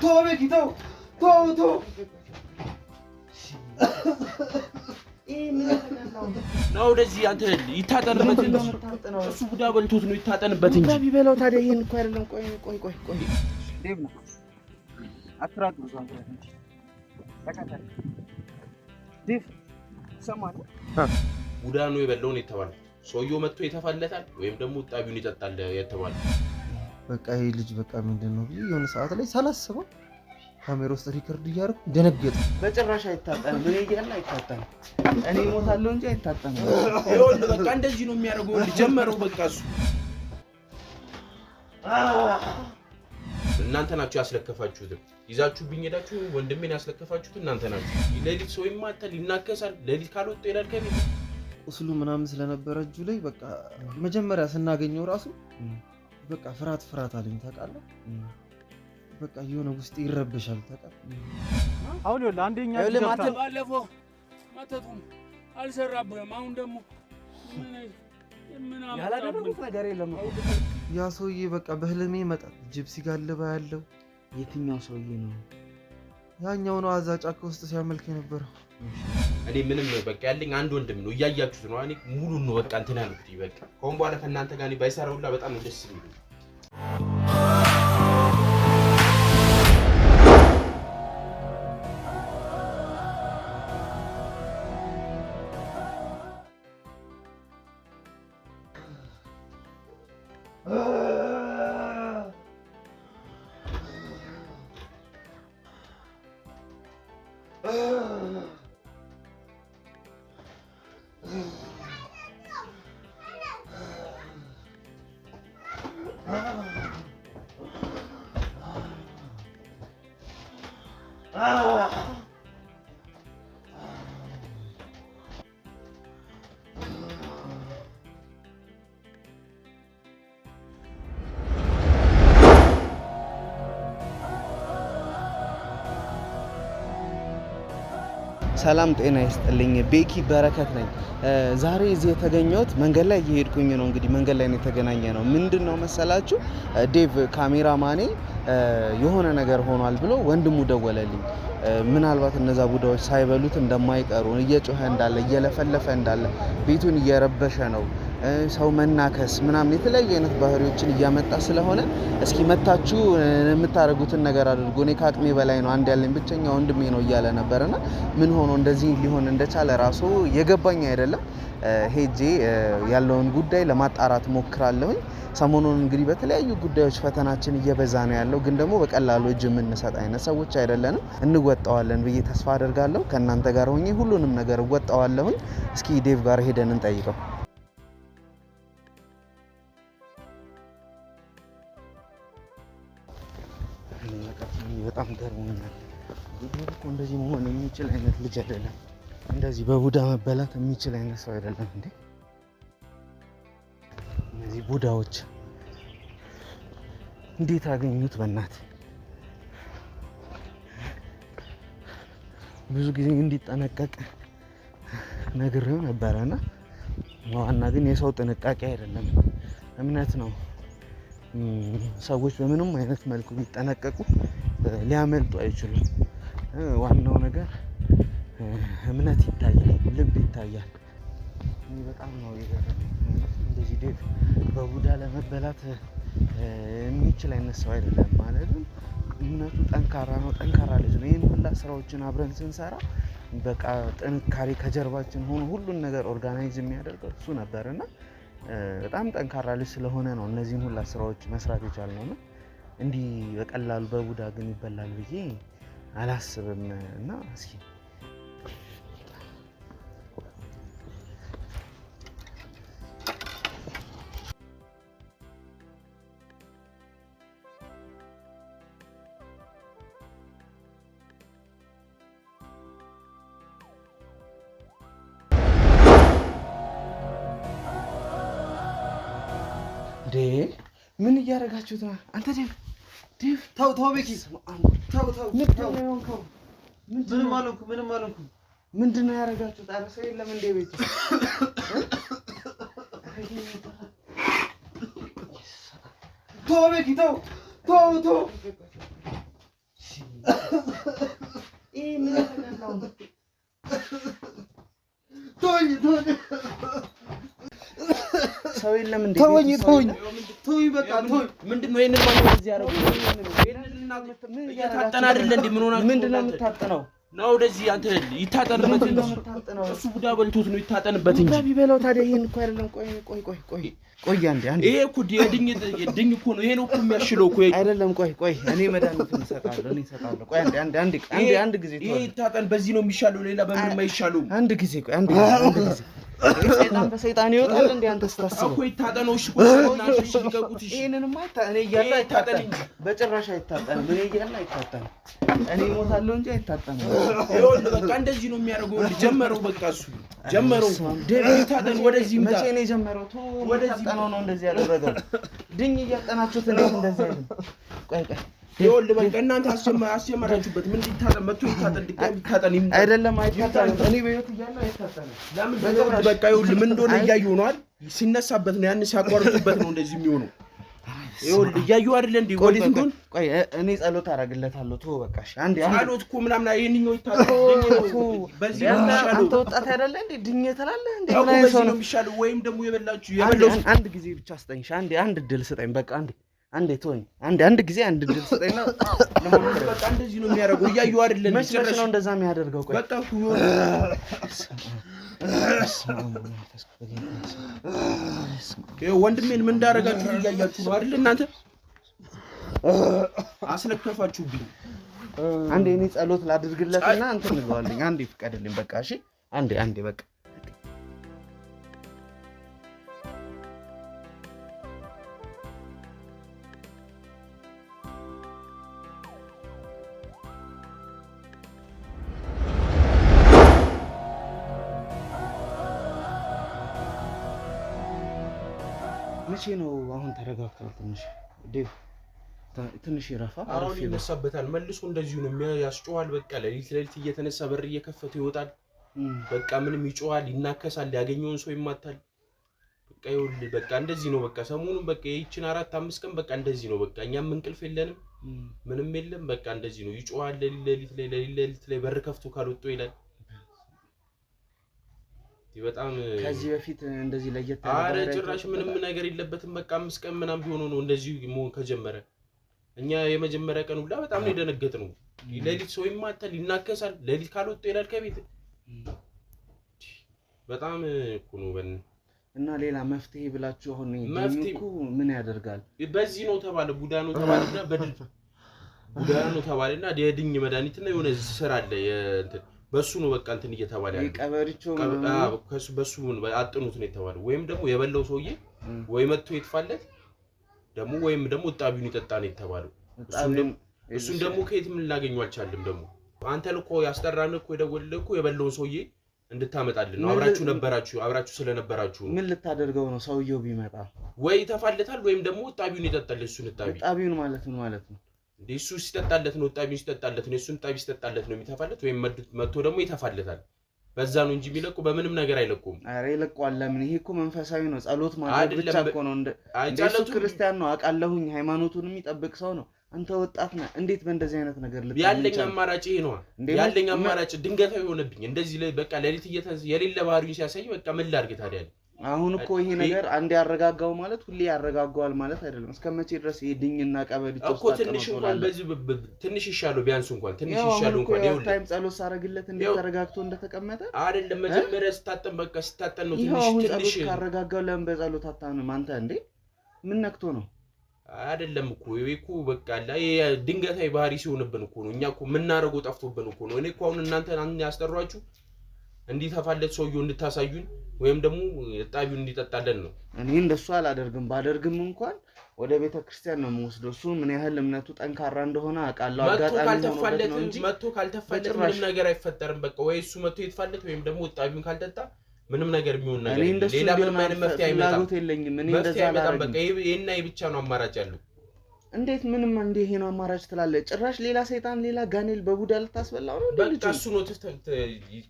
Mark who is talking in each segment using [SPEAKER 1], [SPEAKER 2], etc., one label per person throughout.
[SPEAKER 1] To Becky, to! To, to!
[SPEAKER 2] ነው ወደዚህ አንተ ይታጠንበት እንጂ እሱ ቡዳ በልቶት ነው። ይታጠንበት እንጂ
[SPEAKER 3] ቢበላው ታዲያ ይሄን እኮ አይደለም። ቆይ ቆይ ቆይ ቆይ
[SPEAKER 2] ቡዳ ነው የበላውን የተባለ ሰውየው መጥቶ የተፋለታል ወይም ደግሞ ጣቢውን ይጠጣል የተባለ
[SPEAKER 4] በቃ ይሄ ልጅ በቃ ምንድን ነው ብዬ የሆነ ሰዓት ላይ ሳላስበው ካሜራ ውስጥ ሪከርድ እያደረኩ ደነገጠ።
[SPEAKER 5] በጭራሽ አይታጠንም፣ እኔ እያለ አይታጠንም። እኔ እሞታለሁ እንጂ አይታጠንም።
[SPEAKER 2] በቃ እንደዚህ ነው የሚያደርገው። ጀመረው በቃ እሱ እናንተ ናችሁ ያስለከፋችሁትም። ይዛችሁብኝ ሄዳችሁ ወንድሜን ያስለከፋችሁት እናንተ ናችሁ። ሌሊት ሰው ይማታል፣ ይናከሳል። ሌሊት ካልወጡ ይሄዳል ከቤት
[SPEAKER 4] ቁስሉ ምናምን ስለነበረ እጁ ላይ በቃ መጀመሪያ ስናገኘው ራሱ በቃ ፍርሃት ፍርሃት አለኝ ታውቃለህ። በቃ የሆነ ውስጥ ይረብሻል ታውቃለህ።
[SPEAKER 6] አሁን ይኸውልህ አንደኛ
[SPEAKER 7] ገብታ ባለፈው መተቱን አልሰራብህም። አሁን ደግሞ
[SPEAKER 5] ያላደረጉት ነገር የለም።
[SPEAKER 4] ያ ሰውዬ በቃ በህልሜ ይመጣል። ጅብ ሲጋልባ ያለው
[SPEAKER 5] የትኛው ሰውዬ ነው?
[SPEAKER 4] ያኛው ነው አዛ ጫካ ውስጥ ሲያመልክ የነበረው።
[SPEAKER 2] እኔ ምንም ነው በቃ ያለኝ አንድ ወንድም ነው። እያያችሁት ነው። እኔ ሙሉ ነው በቃ እንትን ያልኩት በቃ ከሁን በኋላ ከእናንተ ጋር ባይሰራ ሁላ በጣም ነው ደስ የሚሉ Oh!
[SPEAKER 4] ሰላም ጤና ይስጥልኝ። ቤኪ በረከት ነኝ። ዛሬ እዚህ የተገኘሁት መንገድ ላይ እየሄድኩኝ ነው። እንግዲህ መንገድ ላይ የተገናኘ ነው። ምንድን ነው መሰላችሁ ዴቭ ካሜራ ማኔ የሆነ ነገር ሆኗል ብሎ ወንድሙ ደወለልኝ። ምናልባት እነዛ ቡዳዎች ሳይበሉት እንደማይቀሩ እየጮኸ እንዳለ እየለፈለፈ እንዳለ ቤቱን እየረበሸ ነው ሰው መናከስ ምናምን የተለያዩ አይነት ባህሪዎችን እያመጣ ስለሆነ እስኪ መታችሁ የምታደርጉትን ነገር አድርጎ እኔ ከአቅሜ በላይ ነው አንድ ያለኝ ብቸኛ ወንድሜ ነው እያለ ነበር እና ምን ሆኖ እንደዚህ ሊሆን እንደቻለ ራሱ የገባኝ አይደለም። ሄጄ ያለውን ጉዳይ ለማጣራት ሞክራለሁኝ። ሰሞኑን እንግዲህ በተለያዩ ጉዳዮች ፈተናችን እየበዛ ነው ያለው፣ ግን ደግሞ በቀላሉ እጅ የምንሰጥ አይነት ሰዎች አይደለንም። እንወጣዋለን ብዬ ተስፋ አደርጋለሁ። ከእናንተ ጋር ሆኜ ሁሉንም ነገር እወጣዋለሁኝ። እስኪ ዴቭ ጋር ሄደን እንጠይቀው። በጣም ገርሞኛል። እንደዚህ መሆን የሚችል አይነት ልጅ አይደለም። እንደዚህ በቡዳ መበላት የሚችል አይነት ሰው አይደለም። እንዴ እነዚህ ቡዳዎች እንዴት አገኙት? በእናት ብዙ ጊዜ እንዲጠነቀቅ ነግሬው ነበረና ዋና ግን የሰው ጥንቃቄ አይደለም እምነት ነው። ሰዎች በምንም አይነት መልኩ ቢጠነቀቁ ሊያመልጡ አይችሉም። ዋናው ነገር እምነት ይታያል፣ ልብ ይታያል። እኔ በጣም ነው እንደዚህ ዴቭ በቡዳ ለመበላት የሚችል አይነት ሰው አይደለም። ማለትም እምነቱ ጠንካራ ነው፣ ጠንካራ ልጅ ነው። ይህን ሁላ ስራዎችን አብረን ስንሰራ በቃ ጥንካሬ ከጀርባችን ሆኖ ሁሉን ነገር ኦርጋናይዝ የሚያደርገው እሱ ነበር እና በጣም ጠንካራ ልጅ ስለሆነ ነው እነዚህን ሁላ ስራዎች መስራት የቻልነው እንዲህ በቀላሉ በቡዳ ግን ይበላል ብዬ አላስብም እና እስኪ ያላችሁት? አንተ ዴቭ ዴቭ፣
[SPEAKER 2] ተው ተው፣ ቤኪ ተው ተው፣
[SPEAKER 4] ምንም አልሆንኩም፣ ምንም አልሆንኩም። ምንድን ነው ያደረጋችሁት? ኧረ ሰው የለም እንደ ቤት
[SPEAKER 2] ተው፣ ቤኪ ተው፣ ተው፣ ተው። ይሄ ምን ተው ተው
[SPEAKER 5] ሰው የለም እንዴ?
[SPEAKER 4] ተወኝ ተወኝ
[SPEAKER 2] ተወኝ፣ በቃ ተወኝ። ምንድን ነው ይሄንን ማለት እዚህ ያረው? ምን እየታጠና አይደለ እንዴ? ምን ሆናችሁ?
[SPEAKER 4] ምንድን ነው የምታጠነው?
[SPEAKER 2] ና ወደዚህ አንተ ይታጠንበት እንጂ እሱ ቡዳ በልቶት ነው ይታጠንበት እንጂ
[SPEAKER 3] ቢበላው ታዲያ ይሄን እኮ አይደለም። ቆይ ቆይ ቆይ ቆይ
[SPEAKER 5] ቆይ አንዴ
[SPEAKER 2] አንዴ፣ ይሄ እኮ ድኝ ድኝ እኮ ነው። ይሄን እኮ የሚያሽለው እኮ
[SPEAKER 5] አይደለም። ቆይ ቆይ፣ እኔ መድኃኒቱን እሰጣለሁ፣ እኔ እሰጣለሁ። ቆይ አንዴ አንዴ አንዴ አንድ ጊዜ
[SPEAKER 2] ይሄ ይታጠን። በዚህ ነው የሚሻለው፣ ሌላ በምንም አይሻለውም።
[SPEAKER 5] አንድ ጊዜ ቆይ፣ አንድ ጊዜ ሰይጣን በሰይጣን ይወጣል። እንደ አንተ ስትራስ
[SPEAKER 2] ነው እኮ ይታጠነው። እሺ
[SPEAKER 5] እኔ እያለ አይታጠንም፣ በጭራሽ አይታጠንም። እኔ እያለ አይታጠንም። እኔ እሞታለሁ እንጂ አይታጠንም።
[SPEAKER 2] በቃ እንደዚህ ነው የሚያደርገው። ጀመረው፣ በቃ እሱ ጀመረው። ወደዚህ
[SPEAKER 5] መቼ ነው የጀመረው? ወደዚህ ነው እንደዚህ ያደረገው። ድኝ እያጠናችሁት እንደዚህ አይደለም።
[SPEAKER 2] ቆይ ቆይ ይወል በቃ እናንተ አስጀመራችሁበት። ምን ይታጠን ይታጠን ድጋሚ ይታጠን
[SPEAKER 5] አይደለም እኔ በህይወት እያለ
[SPEAKER 2] በቃ ምን እንደሆነ እያየሁ ነው ሲነሳበት ነው ያን ሲያቋርጡበት ነው እንደዚህ የሚሆነው። እያየሁ አይደለ እንዴ? ወዴት እንደሆነ
[SPEAKER 5] ቆይ፣ እኔ ጸሎት አደርግለታለሁ። ተወው በቃ እሺ። አንዴ ጸሎት
[SPEAKER 2] እኮ ምናምን ይሄንኛው አንተ
[SPEAKER 5] ወጣት አይደለ እንዴ? ድኜ ትላለህ
[SPEAKER 2] እንዴ? ነው የሚሻለው? ወይም ደግሞ የበላችሁ የበላችሁ
[SPEAKER 5] አንድ ጊዜ ብቻ ስጠኝ። አንድ እድል ስጠኝ በቃ አንዴ አንዴ ተወኝ። አንድ አንድ ጊዜ አንድ ድል ስጠኝና
[SPEAKER 2] ለሞክር። በቃ እንደዚህ ነው የሚያደርገው። እያየሁ አይደለም።
[SPEAKER 5] መች ነው እንደዛ የሚያደርገው? ቆይ በቃ
[SPEAKER 2] ወንድሜን ምን እንዳደረጋችሁ እያያችሁ ነው አይደል? እናንተ አስለከፋችሁብኝ።
[SPEAKER 5] አንዴ እኔ ጸሎት ላድርግለትና እንትን እንለዋለኝ። አንዴ ፍቀድልኝ። በቃ እሺ። አንዴ አንዴ በቃ መቼ ነው አሁን ተረጋግቷል። ትንሽ ዴቭ ትንሽ ይረፋ።
[SPEAKER 2] አሁን ይነሳበታል መልሶ እንደዚሁ ነው የሚያስጨዋል። በቃ ለሊት ለሊት እየተነሳ በር እየከፈተ ይወጣል። በቃ ምንም ይጮዋል ይናከሳል፣ ያገኘውን ሰው ይማታል። በቃ ይኸውልህ በቃ እንደዚህ ነው በቃ ሰሞኑን በቃ ይችን አራት አምስት ቀን በቃ እንደዚህ ነው በቃ እኛም እንቅልፍ የለንም ምንም የለም። በቃ እንደዚህ ነው ይጮዋል ለሊት ለሊት ላይ ለሊት ለሊት ላይ በር ከፍቶ ካልወጡ ይላል በጣም
[SPEAKER 5] ከዚህ በፊት እንደዚህ ለየት
[SPEAKER 2] ያለ ጭራሽ ምንም ነገር የለበትም። በቃ አምስት ቀን ምናምን ቢሆኑ ነው እንደዚህ መሆን ከጀመረ። እኛ የመጀመሪያ ቀን ሁላ በጣም ነው ነው። ሌሊት ሰው ይማታል፣ ይናከሳል። ሌሊት ካልወጡ ይላል ከቤት በጣም እኮ ነው በን
[SPEAKER 5] እና ሌላ መፍትሄ ብላችሁ አሁን እኮ ምን ያደርጋል?
[SPEAKER 2] በዚህ ነው ተባለ ቡዳ ነው ተባለና ቡዳ ነው ተባለና የድኝ መድኃኒትና የሆነ ስር አለ በሱ ነው በቃ እንትን እየተባለ
[SPEAKER 5] ያለው ቀበሪቾ
[SPEAKER 2] በሱ አጥኑት ነው የተባለ። ወይም ደግሞ የበላው ሰውዬ ወይ መጥቶ ይጥፋለት ደግሞ ወይም ደግሞ እጣቢውን ይጠጣ ነው የተባለው። እሱን ደግሞ ከየት ምን ላገኘው አልቻልም። ደግሞ አንተ ልኮ ያስጠራን እኮ የደወልልህ እኮ የበላውን ሰውዬ እንድታመጣልን ነው። አብራችሁ ነበራችሁ፣ አብራችሁ ስለነበራችሁ
[SPEAKER 5] ነው። ምን ልታደርገው ነው? ሰውየው ቢመጣ
[SPEAKER 2] ወይ ተፋለታል ወይም ደግሞ እጣቢውን ይጠጣል። እሱን እጣቢ
[SPEAKER 5] እጣቢውን ማለት ነው ማለት ነው
[SPEAKER 2] እሱ ሲጠጣለት ነው ጠቢ ሲጠጣለት ነው እሱን ጠቢ ሲጠጣለት ነው የሚተፋለት፣ ወይም መጥቶ ደግሞ ይተፋለታል። በዛ ነው እንጂ የሚለቁ በምንም ነገር አይለቁም።
[SPEAKER 5] ኧረ ይለቋል። ለምን? ይሄ እኮ መንፈሳዊ ነው። ጸሎት ማድረግ ብቻ እኮ ነው። እንደሱ ክርስቲያን ነው አውቃለሁኝ። ሃይማኖቱን የሚጠብቅ ሰው ነው። አንተ ወጣት ነህ፣ እንዴት በእንደዚህ አይነት ነገር
[SPEAKER 2] ልትል? ያለኝ አማራጭ ይሄ ነው ያለኝ አማራጭ። ድንገታዊ የሆነብኝ እንደዚህ በቃ ሌሊት የሌለ ባህሪውን ሲያሳይ በቃ ምን ላድርግ ታዲያ
[SPEAKER 5] አሁን እኮ ይሄ ነገር አንድ ያረጋጋው ማለት ሁሌ ያረጋጋዋል ማለት አይደለም። እስከ መቼ ድረስ ይሄ ድኝና ቀበል
[SPEAKER 2] እኮ ትንሽ እንኳን በዚህ ትንሽ ይሻሉ ቢያንስ እንኳን ትንሽ ይሻሉ እንኳን ይኸውልህ፣
[SPEAKER 5] ታይም ጸሎት ሳረግለት እንዴት ተረጋግቶ እንደተቀመጠ
[SPEAKER 2] አይደለም። መጀመሪያ ስታጠን በቃ ስታጠን
[SPEAKER 5] ነው ትንሽ ትንሽ ካረጋጋው ለምን በጸሎት አታንም አንተ እንዴ? ምን ነክቶ ነው?
[SPEAKER 2] አይደለም እኮ ይሄ በቃ ላ ድንገታዊ ባህሪ ሲሆንብን እኮ ነው። እኛ እኮ የምናደርገው ጠፍቶብን እኮ ነው። እኔ እኮ አሁን እናንተ ያስጠሯችሁ እንዲተፋለት ሰውየው እንድታሳዩን ወይም ደግሞ ጣቢውን እንዲጠጣለን ነው።
[SPEAKER 5] እኔ እንደሱ አላደርግም። ባደርግም እንኳን ወደ ቤተ ክርስቲያን ነው የምወስደው። እሱ ምን ያህል እምነቱ ጠንካራ እንደሆነ አውቃለሁ።
[SPEAKER 2] አጋጣሚ መጥቶ ካልተፋለት ምንም ነገር አይፈጠርም። በቃ ወይ እሱ መጥቶ የተፋለት ወይም ደግሞ እጣቢውን ካልጠጣ ምንም ነገር የሚሆን ነገር
[SPEAKER 5] ሌላ ምንም አይነት መፍትሄ
[SPEAKER 2] አይመጣም። ይሄን ብቻ ነው አማራጭ ያለው።
[SPEAKER 5] እንዴት ምንም እንደ ይሄ ነው አማራጭ ትላለ? ጭራሽ ሌላ ሰይጣን ሌላ ጋኔል በቡዳ ልታስበላው ነው።
[SPEAKER 2] በቃ እሱ ነው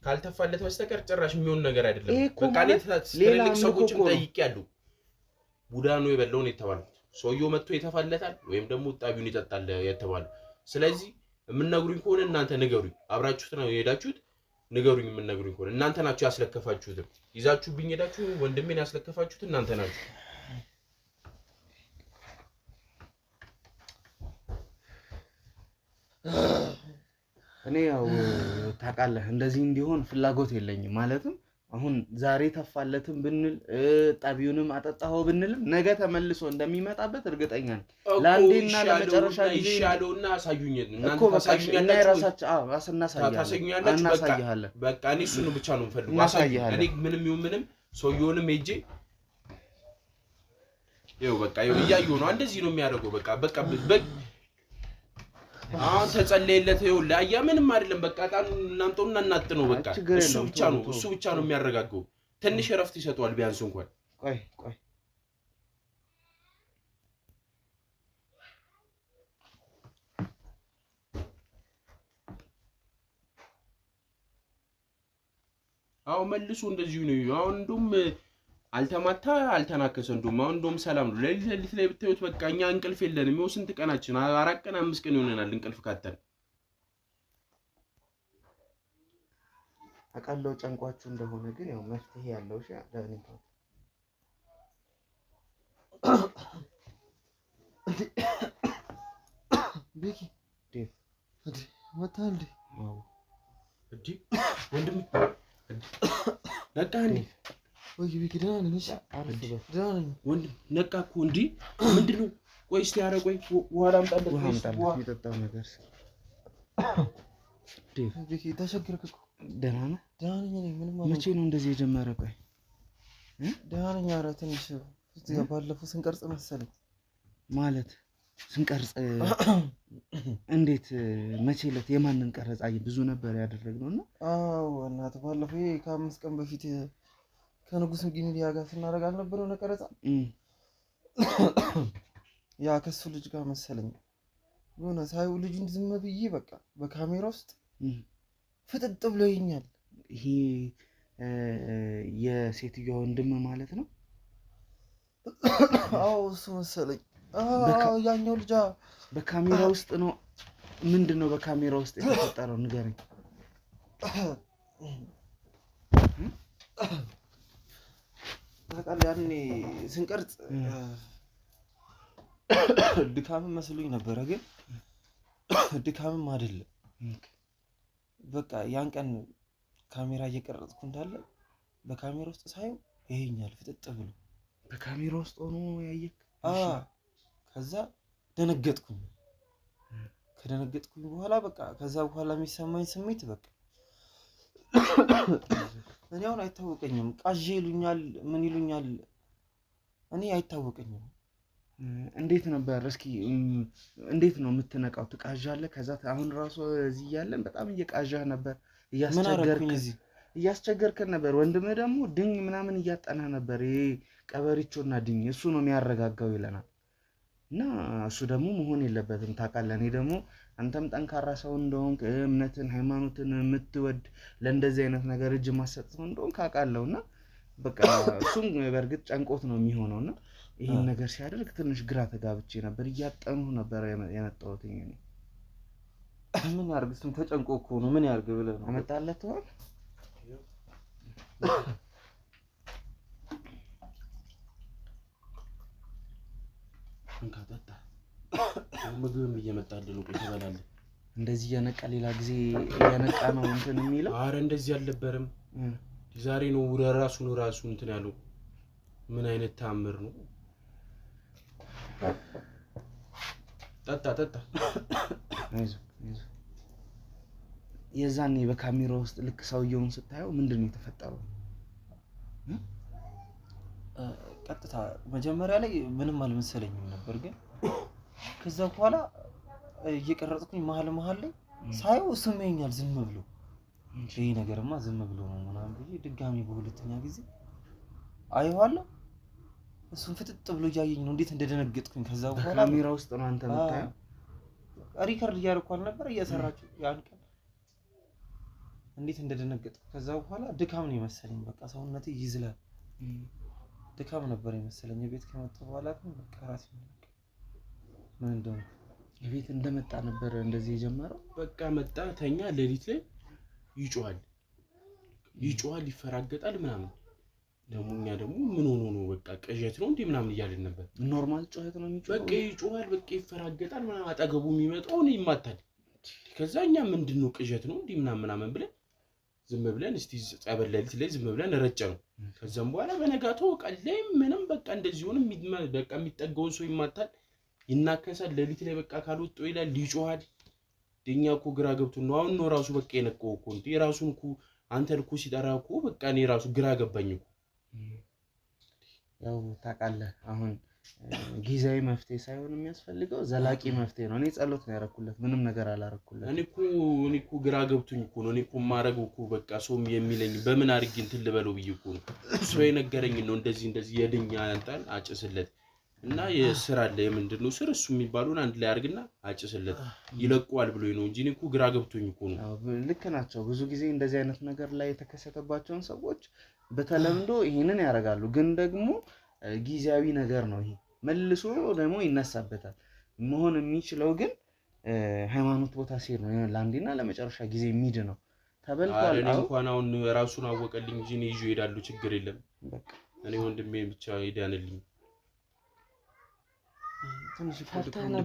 [SPEAKER 2] ካልተፋለት በስተቀር ጭራሽ የሚሆን ነገር አይደለም። በቃ ሌላ ጠይቅ ያሉ ቡዳ ነው ነው የተባሉት ሰውየው መጥቶ የተፋለታል ወይም ደግሞ ጣቢውን ይጠጣል የተባለው። ስለዚህ የምነግሩኝ ከሆነ እናንተ ንገሩኝ። አብራችሁት ነው የሄዳችሁት፣ ንገሩኝ። የምነግሩኝ ከሆነ እናንተ ናችሁ ያስለከፋችሁትም። ይዛችሁብኝ ሄዳችሁ ወንድሜን ያስለከፋችሁት እናንተ ናችሁ።
[SPEAKER 5] እኔ ያው ታውቃለህ እንደዚህ እንዲሆን ፍላጎት የለኝም። ማለትም አሁን ዛሬ ተፋለትም ብንል ጠቢውንም አጠጣኸው ብንልም ነገ ተመልሶ እንደሚመጣበት እርግጠኛ ነኝ።
[SPEAKER 2] ለአንዴና ለመጨረሻ ይሻለውና
[SPEAKER 5] እኮ የራሳችን
[SPEAKER 2] በቃ እኔ እሱን ብቻ ነው እኔ ምንም ይሁን ምንም ሰውየውንም ሄጄ ይኸው በቃ ይኸው እያየሁ ነው። እንደዚህ ነው የሚያደርገው። በቃ በቃ አሁን ተጸለየለት ይኸውልህ፣ አያ ምንም አይደለም። በቃ እጣን እናምጠውና እናት ነው በቃ እሱ ብቻ ነው እሱ ብቻ ነው የሚያረጋገው። ትንሽ እረፍት ይሰጠዋል ቢያንስ እንኳን። ቆይ ቆይ አሁን መልሱ እንደዚሁ ነው አሁን እንዱም አልተማታ አልተናከሰ እንዶም አሁን እንዶም ሰላም ነው። ሌሊት ሌሊት ላይ ብታዩት በቃ እኛ እንቅልፍ የለንም። ይኸው ስንት ቀናችን አራት ቀን አምስት ቀን ይሆነናል እንቅልፍ ካተን
[SPEAKER 5] አቃለው ጨንቋችሁ እንደሆነ ግን ያው መፍትሄ ያለው እሺ፣ ሺ ለሁኔታው ቤኪ ወጣ ወንድም
[SPEAKER 2] ነቃ እኮ እንደ ምንድን ነው? ቆይ እስኪ ኧረ ቆይ ውሃ ላምጣልህ።
[SPEAKER 5] ተቸገርክ እኮ ደህና ነህ? መቼ ነው እንደዚህ የጀመረ? ቆይ ደህና ነኝ። ኧረ ትንሽ ባለፈው ስንቀርጽ መሰለኝ ማለት ስንቀርጽ እንዴት መቼ ዕለት የማንን ቀረጻ? ብዙ ነበር ያደረግነው እና አዎ እናትህ ባለፈው ከአምስት ቀን በፊት ከንጉስም ሚዲያ ጋር ስናደርግ አልነበረ የሆነ ቀረጻ ያ ከሱ ልጅ ጋር መሰለኝ የሆነ ሳይው ልጁን ዝም ብዬ በቃ በካሜራ ውስጥ ፍጥጥ ብሎ ይኛል። ይሄ የሴትዮዋ ወንድም ማለት ነው። አዎ እሱ መሰለኝ። ያኛው ልጃ በካሜራ ውስጥ ነው። ምንድን ነው በካሜራ ውስጥ የተፈጠረው? ንገረኝ። ታውቃለህ ያኔ ስንቀርጽ ድካም መስሎኝ ነበረ፣ ግን ድካምም አይደለም። በቃ ያን ቀን ካሜራ እየቀረጽኩ እንዳለ በካሜራ ውስጥ ሳየው ይሄኛል ፍጥጥ ብሎ በካሜራ ውስጥ ሆኖ ያየ። ከዛ ደነገጥኩኝ። ከደነገጥኩኝ በኋላ በቃ ከዛ በኋላ የሚሰማኝ ስሜት በቃ እኔ አሁን አይታወቀኝም። ቃዥ ይሉኛል፣ ምን ይሉኛል፣ እኔ አይታወቀኝም። እንዴት ነበር? እስኪ እንዴት ነው የምትነቃው? ትቃዣለህ? ከዛ አሁን ራሱ እዚህ እያለን በጣም እየቃዣህ ነበር፣ እያስቸገርክን ነበር። ወንድምህ ደግሞ ድኝ ምናምን እያጠና ነበር። ይሄ ቀበሪቾና ድኝ እሱ ነው የሚያረጋጋው ይለናል። እና እሱ ደግሞ መሆን የለበትም ታውቃለህ። እኔ ደግሞ አንተም ጠንካራ ሰው እንደሆንክ እምነትን፣ ሃይማኖትን የምትወድ ለእንደዚህ አይነት ነገር እጅ ማሰጥ ሰው እንደሆንክ አውቃለሁ። እና በቃ እሱም በእርግጥ ጨንቆት ነው የሚሆነው። እና ይህን ነገር ሲያደርግ ትንሽ ግራ ተጋብቼ ነበር፣ እያጠኑ ነበር የመጣሁት። ምን ያርግ እሱም ተጨንቆ እኮ ነው። ምን ያርግ ብለህ ነው አመጣለት እንካ ጠጣ። ምግብም እየመጣልህ ቆይ ትበላለህ። እንደዚህ እያነቃ ሌላ ጊዜ እያነቃ ነው እንትን የሚለው።
[SPEAKER 2] አረ እንደዚህ አልነበረም። ዛሬ ነው ራሱ ነው ራሱ እንትን ያለው። ምን አይነት ተአምር ነው? ጠጣ ጠጣ።
[SPEAKER 5] የዛኔ በካሜራ ውስጥ ልክ ሰውየውን ስታየው ምንድን ነው የተፈጠረው? ቀጥታ መጀመሪያ ላይ ምንም አልመሰለኝም ነበር፣ ግን ከዛ በኋላ እየቀረጽኩኝ መሀል መሀል ላይ ሳየው ስሜኛል ዝም ብሎ ይህ ነገርማ ዝም ብሎ ነው ምናምን ብዬ ድጋሚ በሁለተኛ ጊዜ አየዋለሁ። እሱን ፍጥጥ ብሎ እያየኝ ነው፣ እንዴት እንደደነገጥኩኝ። ከዛ በኋላ ካሜራ ውስጥ ነው አንተ የምታየው። ሪከርድ እያደረኩ አልነበር እየሰራችሁ ያን ቀን እንዴት እንደደነገጥኩ። ከዛ በኋላ ድካም ነው የመሰለኝ፣ በቃ ሰውነቴ ይዝላል። ድካም ነበር የመሰለኝ። ቤት ከመጣሁ በኋላ ግን በቃ ራሴ ምን እንደሆነ ቤት እንደመጣ ነበር እንደዚህ የጀመረው።
[SPEAKER 2] በቃ መጣ፣ ተኛ። ሌሊት ላይ ይጮዋል ይጮዋል ይፈራገጣል ምናምን። ደግሞ እኛ ደግሞ ምን ሆኖ ነው በቃ ቅዠት ነው እንዴ ምናምን እያልን ነበር።
[SPEAKER 5] ኖርማል ጩኸት ነው
[SPEAKER 2] የሚጮህ። በቃ ይጮዋል፣ በቃ ይፈራገጣል ምናምን። አጠገቡ የሚመጣው ይማታል። ከዛ እኛ ምንድን ነው ቅዠት ነው እንዲህ ምናምን ምናምን ብለን ዝም ብለን እስቲ ጸበል ሌሊት ላይ ዝም ብለን ረጨ ነው። ከዛም በኋላ በነጋቶ ቀን ላይ ምንም በቃ እንደዚሁን በቃ የሚጠገውን ሰው ይማታል፣ ይናከሳል። ሌሊት ላይ በቃ ካልወጦ ይላል፣ ይጮሃል። እኛ እኮ ግራ ገብቶ ነው አሁን ነው ራሱ በቃ የነቀው እኮ እንዴ የራሱን እኮ አንተን እኮ ሲጠራ እኮ በቃ እኔ ራሱ ግራ ገባኝ እኮ
[SPEAKER 5] ያው ታውቃለህ አሁን ጊዜያዊ መፍትሄ ሳይሆን የሚያስፈልገው ዘላቂ መፍትሄ ነው። እኔ ጸሎት ነው ያደረኩለት፣ ምንም ነገር አላደረኩለት።
[SPEAKER 2] እኔ እኮ እኔ እኮ ግራ ገብቶኝ እኮ ነው እኔ እኮ የማደርገው እኮ በቃ ሰውም የሚለኝ በምን አድርጌ እንትን ልበለው ብዬ እኮ ነው። ሰው የነገረኝ ነው እንደዚህ እንደዚህ የድኛ እንትን አጭስለት እና የስር አለ የምንድን ነው ስር እሱ የሚባሉን አንድ ላይ አድርግና አጭስለት ይለቀዋል ብሎ ነው እንጂ እኔ እኮ ግራ ገብቶኝ እኮ ነው። ልክ ናቸው። ብዙ
[SPEAKER 5] ጊዜ እንደዚህ አይነት ነገር ላይ የተከሰተባቸውን ሰዎች በተለምዶ ይህንን ያደርጋሉ ግን ደግሞ ጊዜያዊ ነገር ነው። ይሄ መልሶ ደግሞ ይነሳበታል። መሆን የሚችለው ግን ሃይማኖት ቦታ ሲሄድ ነው። ለአንዴና ለመጨረሻ ጊዜ የሚድ ነው ተበልቷል።
[SPEAKER 2] እንኳን አሁን ራሱን አወቀልኝ እንጂ እኔ ይዤ እሄዳለሁ፣ ችግር የለም እኔ ወንድሜ ብቻ ይዳንልኝ።
[SPEAKER 5] ትንሽ ፈርታ ትንሽ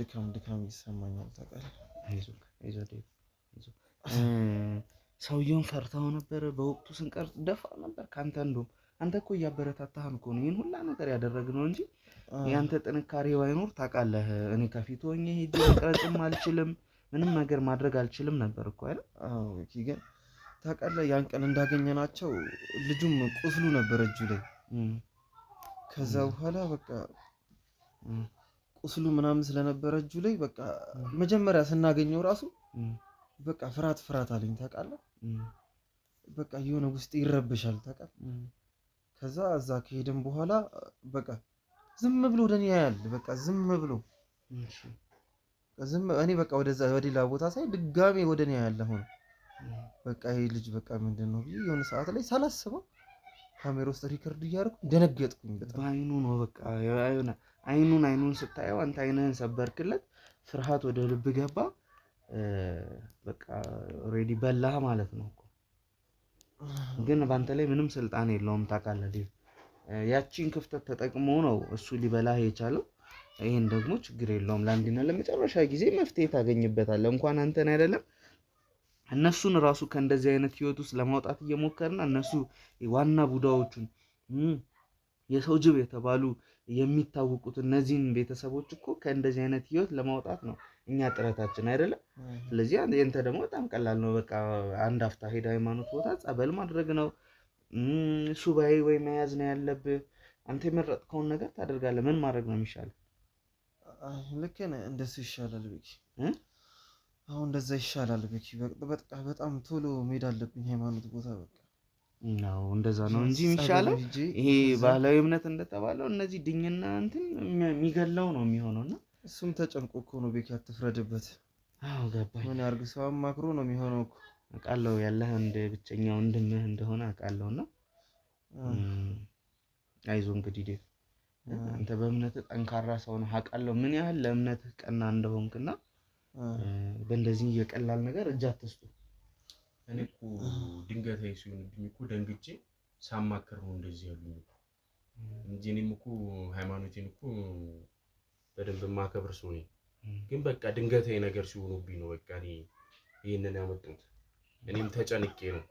[SPEAKER 5] ድካም ድካም ይሰማኛል። ታውቃለህ ሰውየውን ፈርተው ነበር። በወቅቱ ስንቀርጽ ደፋ ነበር ከአንተ እንደውም አንተ እኮ እያበረታታህን እኮ ነው ይህን ሁላ ነገር ያደረግነው እንጂ የአንተ ጥንካሬ ባይኖር ታውቃለህ፣ እኔ ከፊት ሆኜ ሄጄ መቅረጽም አልችልም፣ ምንም ነገር ማድረግ አልችልም ነበር እኮ አይደል? አዎ። ግን ታውቃለህ ያን ቀን እንዳገኘናቸው ልጁም ቁስሉ ነበር እጁ ላይ። ከዛ በኋላ በቃ ቁስሉ ምናምን ስለነበረ እጁ ላይ በቃ መጀመሪያ ስናገኘው ራሱ በቃ ፍርሃት ፍርሃት አለኝ ታውቃለህ። በቃ የሆነ ውስጥ ይረብሻል ታውቃለህ። ከዛ እዛ ከሄደን በኋላ በቃ ዝም ብሎ ወደ እኔ ያያል። በቃ ዝም ብሎ ዝም እኔ በቃ ወደዛ ወደ ሌላ ቦታ ሳይ ድጋሜ ወደ እኔ ያያል። አሁን በቃ ይሄ ልጅ በቃ ምንድን ነው ብዬ የሆነ ሰዓት ላይ ሳላስበው ካሜራ ውስጥ ሪከርድ እያደረኩ ደነገጥኩኝ። በጣም አይኑ ነው በቃ አይኑን አይኑን ስታየው አንተ አይንህን ሰበርክለት፣ ፍርሃት ወደ ልብ ገባ። በቃ ኦልሬዲ በላህ ማለት ነው እኮ። ግን በአንተ ላይ ምንም ስልጣን የለውም ታውቃለህ። ዴቭ ያቺን ክፍተት ተጠቅሞ ነው እሱ ሊበላህ የቻለው። ይህን ደግሞ ችግር የለውም ለአንድና ለመጨረሻ ጊዜ መፍትሄ ታገኝበታለህ። እንኳን አንተን አይደለም እነሱን ራሱ ከእንደዚህ አይነት ህይወት ውስጥ ለማውጣት እየሞከርና እነሱ ዋና ቡዳዎቹን የሰው ጅብ የተባሉ የሚታወቁት እነዚህን ቤተሰቦች እኮ ከእንደዚህ አይነት ህይወት ለማውጣት ነው እኛ ጥረታችን አይደለም። ስለዚህ የንተ ደግሞ በጣም ቀላል ነው። በቃ አንድ አፍታ ሄደ ሃይማኖት ቦታ ጸበል ማድረግ ነው፣ ሱባኤ ወይ መያዝ ነው ያለብህ። አንተ የመረጥከውን ነገር ታደርጋለህ። ምን ማድረግ ነው የሚሻለው? ልክ እንደሱ ይሻላል ቤኪ። አሁን እንደዛ ይሻላል ቤኪ። በቃ በጣም ቶሎ መሄድ አለብኝ ሃይማኖት ቦታ በቃ ነው እንደዛ ነው እንጂ የሚሻለው ይሄ ባህላዊ እምነት እንደተባለው እነዚህ ድኝና እንትን የሚገለው ነው እና እሱም ተጨንቆ እኮ ነው። ቤኪ አትፍረድበት። አዎ ገባኝ። ምን ያርግ? ሰው አማክሮ ነው የሚሆነው እኮ አውቃለሁ። ያለህ እንደ ብቸኛ ወንድምህ እንደሆነ አውቃለሁ። እና አይዞ እንግዲህ ዴቭ፣ አንተ በእምነትህ ጠንካራ ሰው ነው አውቃለሁ፣ ምን ያህል ለእምነትህ ቀና እንደሆንክና በእንደዚህ የቀላል ነገር እጅ አትስጡ።
[SPEAKER 2] እኔ እኮ ድንገታዊ ሲሆንብኝ እኮ ደንግጬ ሳማክር ነው እንደዚህ ያሉኝ እንጂ እኔም እኮ ሃይማኖቴን እኮ በደንብ የማከብር ሰው ነኝ። ግን በቃ ድንገታዊ ነገር ሲሆኑብኝ ነው በቃ እኔ ይህንን ያመጡት። እኔም ተጨንቄ ነው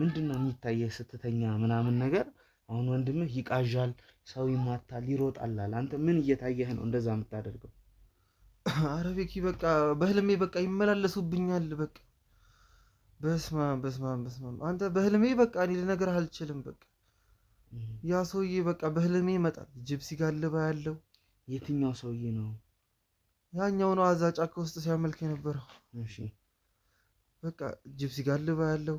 [SPEAKER 5] ምንድን ነው የሚታየህ ስትተኛ ምናምን ነገር። አሁን ወንድምህ ይቃዣል፣ ሰው ይማታል፣ ይሮጣላል። አንተ ምን እየታየህ ነው እንደዛ የምታደርገው? አረ ቤኪ በቃ በህልሜ በቃ ይመላለሱብኛል። በቃ በስማ በስማ በስማ አንተ በህልሜ በቃ እኔ ልነግርህ አልችልም በቃ ያ ሰውዬ በቃ በህልሜ ይመጣል። ጅብ ሲጋልባ ያለው የትኛው ሰውዬ ነው? ያኛው ነው አዛ ጫካ ውስጥ ሲያመልክ የነበረው። እሺ በቃ ጅብ ሲጋልባ ያለው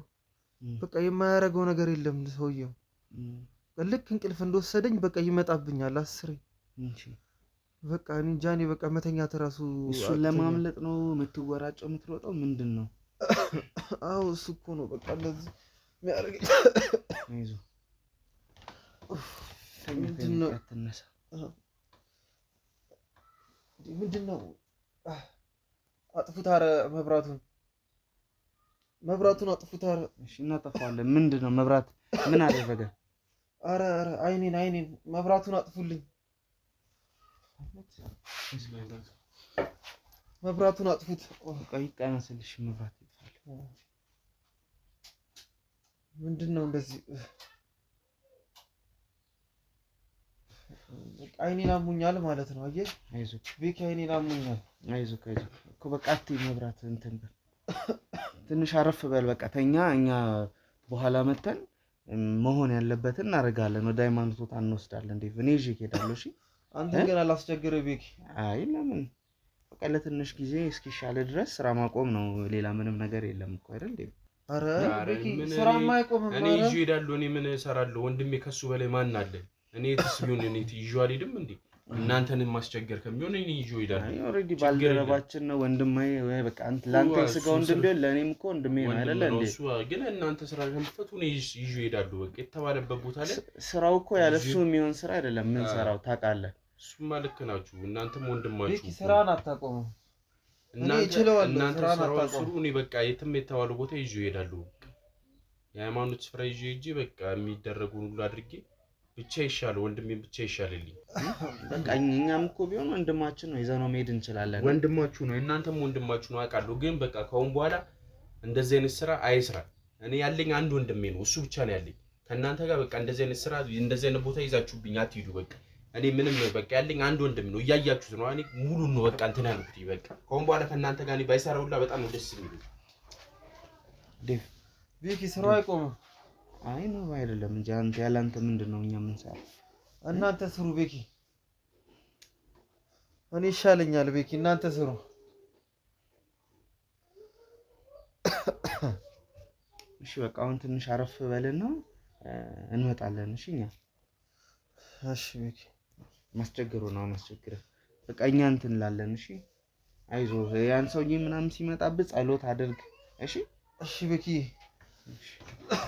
[SPEAKER 5] በቃ የማያደርገው ነገር የለም ሰውየው። ልክ እንቅልፍ እንደወሰደኝ በቃ ይመጣብኛል አስሬ። በቃ እንጃ እኔ በቃ መተኛት እራሱ እሱን ለማምለጥ ነው የምትወራጨው የምትሮጠው ምንድን ነው? አዎ እሱ እኮ ነው በቃ እንደዚህ የሚያደርገኝ ምንድን ነው? አጥፉት! አረ መብራቱን መብራቱን አጥፉት! ኧረ እናጠፋዋለን። ምንድን ነው መብራት ምን አደረገ? አረ ኧረ አይኔን አይኔን መብራቱን አጥፉልኝ! መብራቱን አጥፉት! ቆይጣ አይመስልሽም? መብራት ምንድን ነው እንደዚህ አይኔን አሙኛል ማለት ነው። አየህ አይዞህ ቤኪ፣ አይኔን አሙኛል። አይዞህ አይዞህ እኮ በቃ አትይም መብራት እንትን በል ትንሽ አረፍ በል በቃ ተኛ። እኛ በኋላ መተን መሆን ያለበትን እናደርጋለን። ወደ ሃይማኖት ቦታ እንወስዳለን። እንዴት እኔ ይዤ እሄዳለሁ። እሺ አንተ ግን አላስቸግርህ ቤኪ። አይ ለምን በቃ ለትንሽ ጊዜ እስኪሻለ ድረስ ስራ ማቆም ነው። ሌላ ምንም ነገር የለም እኮ አይደል እንዴ? ኧረ ቤኪ ስራማ አይቆምም። እኔ ይዤ እሄዳለሁ። እኔ ምን እሰራለሁ? ወንድሜ ከሱ በላይ ማን አለ? እኔ የትስ ቢሆን እኔ ይዤው አልሄድም እንዴ እናንተን ማስቸገር ከሚሆን እኔ ይዤው እሄዳለሁ። ኦልሬዲ ባልደረባችን ነው ወንድሜ። በቃ አንተ ላንተ የስጋ ወንድም ቢሆን ለእኔም እኮ ወንድሜ ነው አይደለ እንዴ? ግን እናንተ ስራ ከምትፈቱ እኔ ይዤው እሄዳለሁ። በቃ የተባለበት ቦታ ላይ ስራው እኮ ያለ እሱ የሚሆን ስራ አይደለም። ምን ሰራው ታውቃለህ? እሱማ ልክ ናችሁ። እናንተም ወንድማችሁ ስራን አታቆመው። እናንተ ስራውን ስሩ። እኔ በቃ የትም የተባለው ቦታ ይዤው እሄዳለሁ። የሃይማኖት ስፍራ ይዤ ሂጅ በቃ የሚደረጉን ሁሉ አድርጌ ብቻ ይሻል ወንድሜ ብቻ ይሻልልኝ። በቃ እኛም እኮ ቢሆን ወንድማችን ነው፣ ይዘነው መሄድ እንችላለን። ወንድማችሁ ነው፣ እናንተም ወንድማችሁ ነው አውቃለሁ። ግን በቃ ከአሁን በኋላ እንደዚህ አይነት ስራ አይስራ። እኔ ያለኝ አንድ ወንድሜ ነው፣ እሱ ብቻ ነው ያለኝ። ከእናንተ ጋር በቃ እንደዚህ አይነት ስራ እንደዚህ አይነት ቦታ ይዛችሁብኝ አትሂዱ። በቃ እኔ ምንም በቃ ያለኝ አንድ ወንድም ነው፣ እያያችሁት ነው። እኔ ሙሉ ነው በቃ እንትን ያልኩት በቃ ከአሁን በኋላ ከእናንተ ጋር እኔ ባይሰራ ሁላ በጣም ነው ደስ የሚል ቤት ስራው አይቆምም። አይ ነው አይደለም እንጂ አንተ ያለ አንተ ምንድን ነው እኛ የምንሰራ? እናንተ ስሩ ቤኪ፣ እኔ ይሻለኛል ቤኪ፣ እናንተ ስሩ። እሺ በቃ አሁን ትንሽ አረፍ በልና እንመጣለን። እሺ እኛ እሺ ቤኪ፣ ማስቸግሩ ነው ማስቸግረ በቃ እኛ እንትን እሺ አይዞህ፣ ያን ሰውዬ ምናምን ሲመጣብህ ጸሎት አድርግ። እሺ እሺ ቤኪ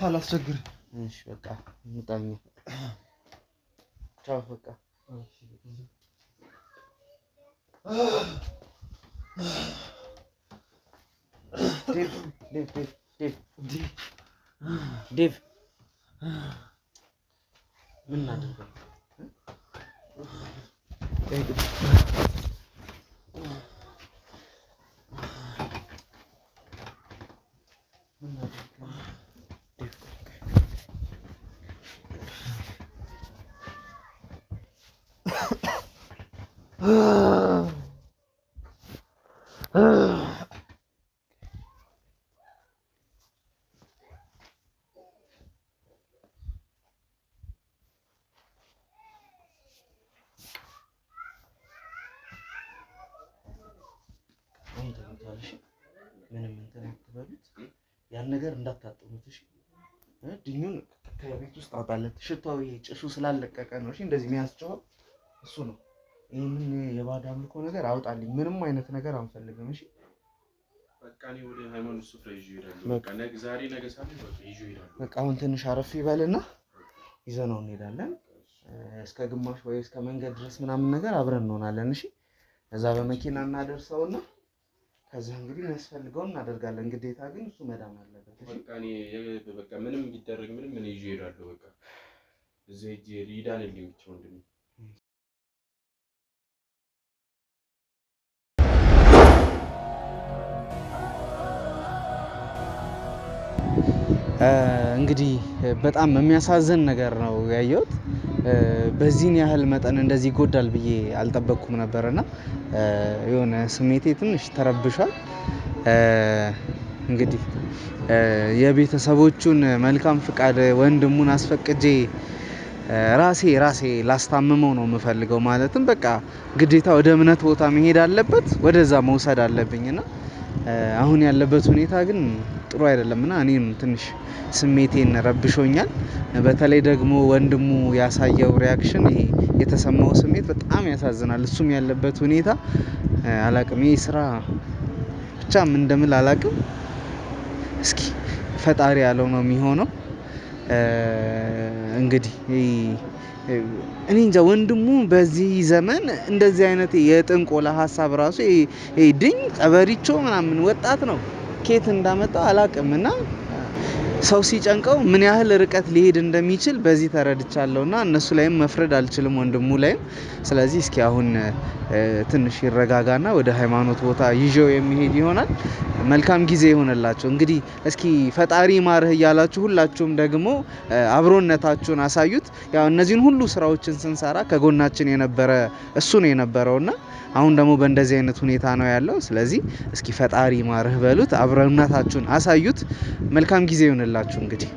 [SPEAKER 5] አላስቸግርም። እሺ በቃ ምጣኝ። ቻው በቃ ዴቭ ምን ድኙን ከቤት ውስጥ አውጣለት። ሽታው ይሄ ጭሱ ስላለቀቀ ነው። እንደዚህ የሚያስጨው እሱ ነው። ይህንን የባዕድ አምልኮ ነገር አውጣልኝ። ምንም አይነት ነገር አንፈልግም። እሺ፣ በቃ አሁን ትንሽ አረፍ ይበልና ይዘነው እንሄዳለን። እስከ ግማሽ ወይ እስከ መንገድ ድረስ ምናምን ነገር አብረን እንሆናለን። እሺ፣ እዛ በመኪና እናደርሰውና ከዛ እንግዲህ የሚያስፈልገውን እናደርጋለን። ግዴታ ግን እሱ መዳም አለበት። በቃ ምንም ቢደረግ ምንም ምን ይዤ እሄዳለሁ። በቃ እዚህ ሂጅ ይዳንልኝ ብቻ ወንድሜ። እንግዲህ በጣም የሚያሳዝን ነገር ነው ያየሁት። በዚህን ያህል መጠን እንደዚህ ይጎዳል ብዬ አልጠበቅኩም ነበር እና የሆነ ስሜቴ ትንሽ ተረብሿል። እንግዲህ የቤተሰቦቹን መልካም ፍቃድ ወንድሙን አስፈቅጄ ራሴ ራሴ ላስታምመው ነው የምፈልገው። ማለትም በቃ ግዴታ ወደ እምነት ቦታ መሄድ አለበት፣ ወደዛ መውሰድ አለብኝ እና አሁን ያለበት ሁኔታ ግን ጥሩ አይደለም እና እኔም ትንሽ ስሜቴን ረብሾኛል። በተለይ ደግሞ ወንድሙ ያሳየው ሪያክሽን ይሄ የተሰማው ስሜት በጣም ያሳዝናል። እሱም ያለበት ሁኔታ አላቅም። ይህ ስራ ብቻ ምን እንደምል አላቅም። እስኪ ፈጣሪ ያለው ነው የሚሆነው። እንግዲህ እኔ እንጃ ወንድሙ በዚህ ዘመን እንደዚህ አይነት የጥንቆላ ሀሳብ ራሱ ድኝ ቀበሪቾ ምናምን ወጣት ነው ኬት እንዳመጣው አላቅም እና ሰው ሲጨንቀው ምን ያህል ርቀት ሊሄድ እንደሚችል በዚህ ተረድቻለሁ እና እነሱ ላይም መፍረድ አልችልም፣ ወንድሙ ላይም። ስለዚህ እስኪ አሁን ትንሽ ይረጋጋና ወደ ሃይማኖት ቦታ ይዤው የሚሄድ ይሆናል። መልካም ጊዜ ይሆንላችሁ። እንግዲህ እስኪ ፈጣሪ ማርህ እያላችሁ ሁላችሁም ደግሞ አብሮነታችሁን አሳዩት። ያው እነዚህን ሁሉ ስራዎችን ስንሰራ ከጎናችን የነበረ እሱ ነው የነበረውና አሁን ደግሞ በእንደዚህ አይነት ሁኔታ ነው ያለው። ስለዚህ እስኪ ፈጣሪ ማርህ በሉት፣ አብሮነታችሁን አሳዩት። መልካም ጊዜ ይሆንላችሁ እንግዲህ